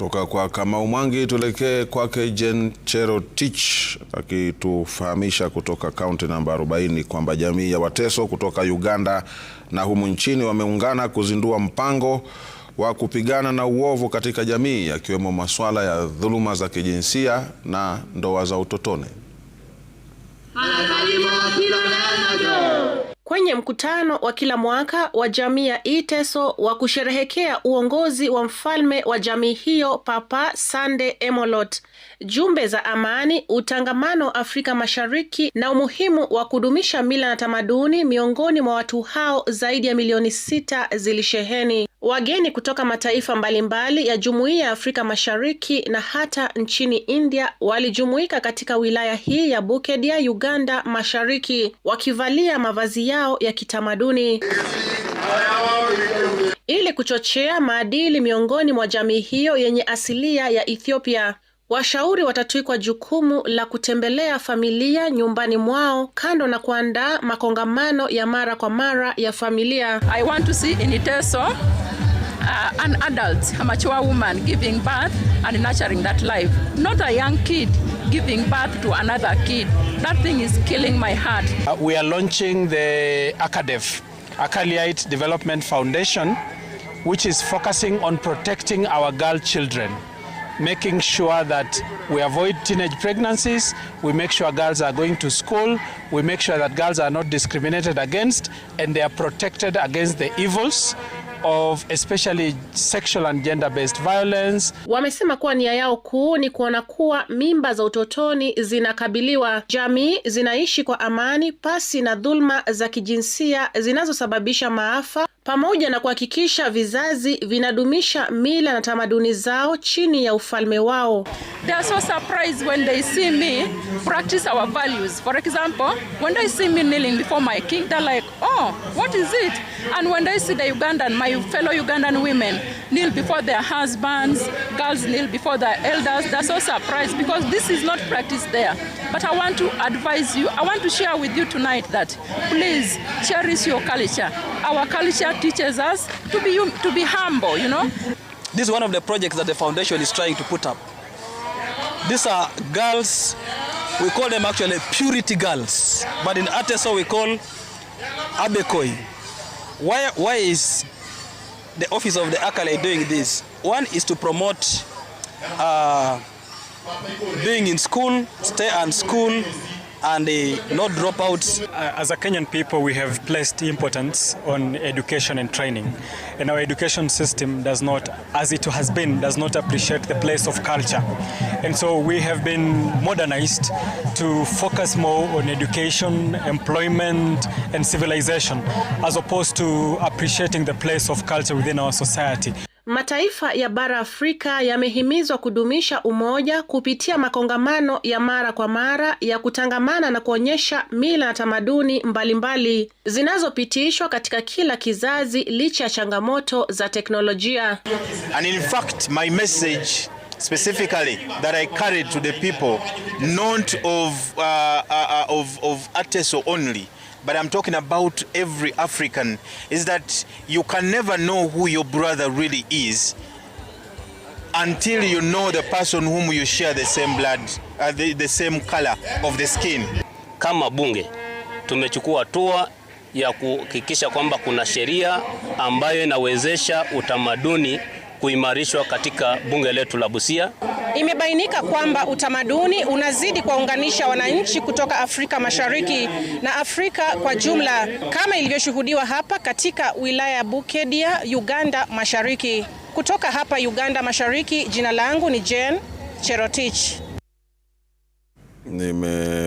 Kutoka kwa Kamau Mwangi tuelekee kwake Jen Cherotich akitufahamisha kutoka kaunti namba 40 kwamba jamii ya Wateso kutoka Uganda na humu nchini wameungana kuzindua mpango wa kupigana na uovu katika jamii yakiwemo masuala ya dhuluma za kijinsia na ndoa za utotoni kwenye mkutano wa kila mwaka wa jamii ya Iteso wa kusherehekea uongozi wa mfalme wa jamii hiyo Papa Sande Emolot. Jumbe za amani, utangamano Afrika Mashariki na umuhimu wa kudumisha mila na tamaduni miongoni mwa watu hao zaidi ya milioni sita zilisheheni. Wageni kutoka mataifa mbalimbali ya Jumuiya ya Afrika Mashariki na hata nchini India walijumuika katika wilaya hii ya bukedia Uganda Mashariki wakivalia mavazi yao ya kitamaduni ili kuchochea maadili miongoni mwa jamii hiyo yenye asilia ya Ethiopia. Washauri watatwikwa jukumu la kutembelea familia nyumbani mwao kando na kuandaa makongamano ya mara kwa mara ya familia. I want to see uh, an adult, a mature woman giving birth and nurturing that life, not a young kid giving birth to another kid. That thing is killing my heart. Uh, we are launching the ACADEF, Akaliite Development Foundation, which is focusing on protecting our girl children making sure that we avoid teenage pregnancies, we make sure girls are going to school, we make sure that girls are not discriminated against and they are protected against the evils of especially sexual and gender-based violence. Wamesema kuwa nia yao kuu ni kuona kuwa mimba za utotoni zinakabiliwa, jamii zinaishi kwa amani pasi na dhulma za kijinsia zinazosababisha maafa, pamoja na kuhakikisha vizazi vinadumisha mila na tamaduni zao chini ya ufalme wao. know what is it. And when I see the Ugandan, my fellow Ugandan women kneel before their husbands, girls kneel before their elders, they're so surprised because this is not practiced there. But I want to advise you, I want to share with you tonight that please cherish your culture. Our culture teaches us to be, to be humble, you know. This is one of the projects that the foundation is trying to put up. These are girls, we call them actually purity girls, but in Ateso we call Abekoi. Why, why is the office of the Akale doing this? One is to promote uh, being in school, stay in school, and uh, no dropouts. Uh, as a Kenyan people, we have placed importance on education and training. And our education system does not, as it has been, does not appreciate the place of culture. And so we have been modernized to focus more on education, employment, and civilization, as opposed to appreciating the place of culture within our society. Mataifa ya bara Afrika yamehimizwa kudumisha umoja kupitia makongamano ya mara kwa mara ya kutangamana na kuonyesha mila na tamaduni mbalimbali zinazopitishwa katika kila kizazi licha ya changamoto za teknolojia. And in fact, my message specifically that I carried to the people not of, uh, uh, uh of, of ATESO only but I'm talking about every African, is that you can never know who your brother really is until you know the person whom you share the same blood, uh, the, the same color of the skin. Kama bunge tumechukua hatua ya kuhakikisha kwamba kuna sheria ambayo inawezesha utamaduni kuimarishwa katika bunge letu la Busia imebainika kwamba utamaduni unazidi kuwaunganisha wananchi kutoka Afrika Mashariki na Afrika kwa jumla kama ilivyoshuhudiwa hapa katika wilaya ya Bukedia, Uganda Mashariki. Kutoka hapa Uganda Mashariki, jina langu ni Jane Cherotich. Nime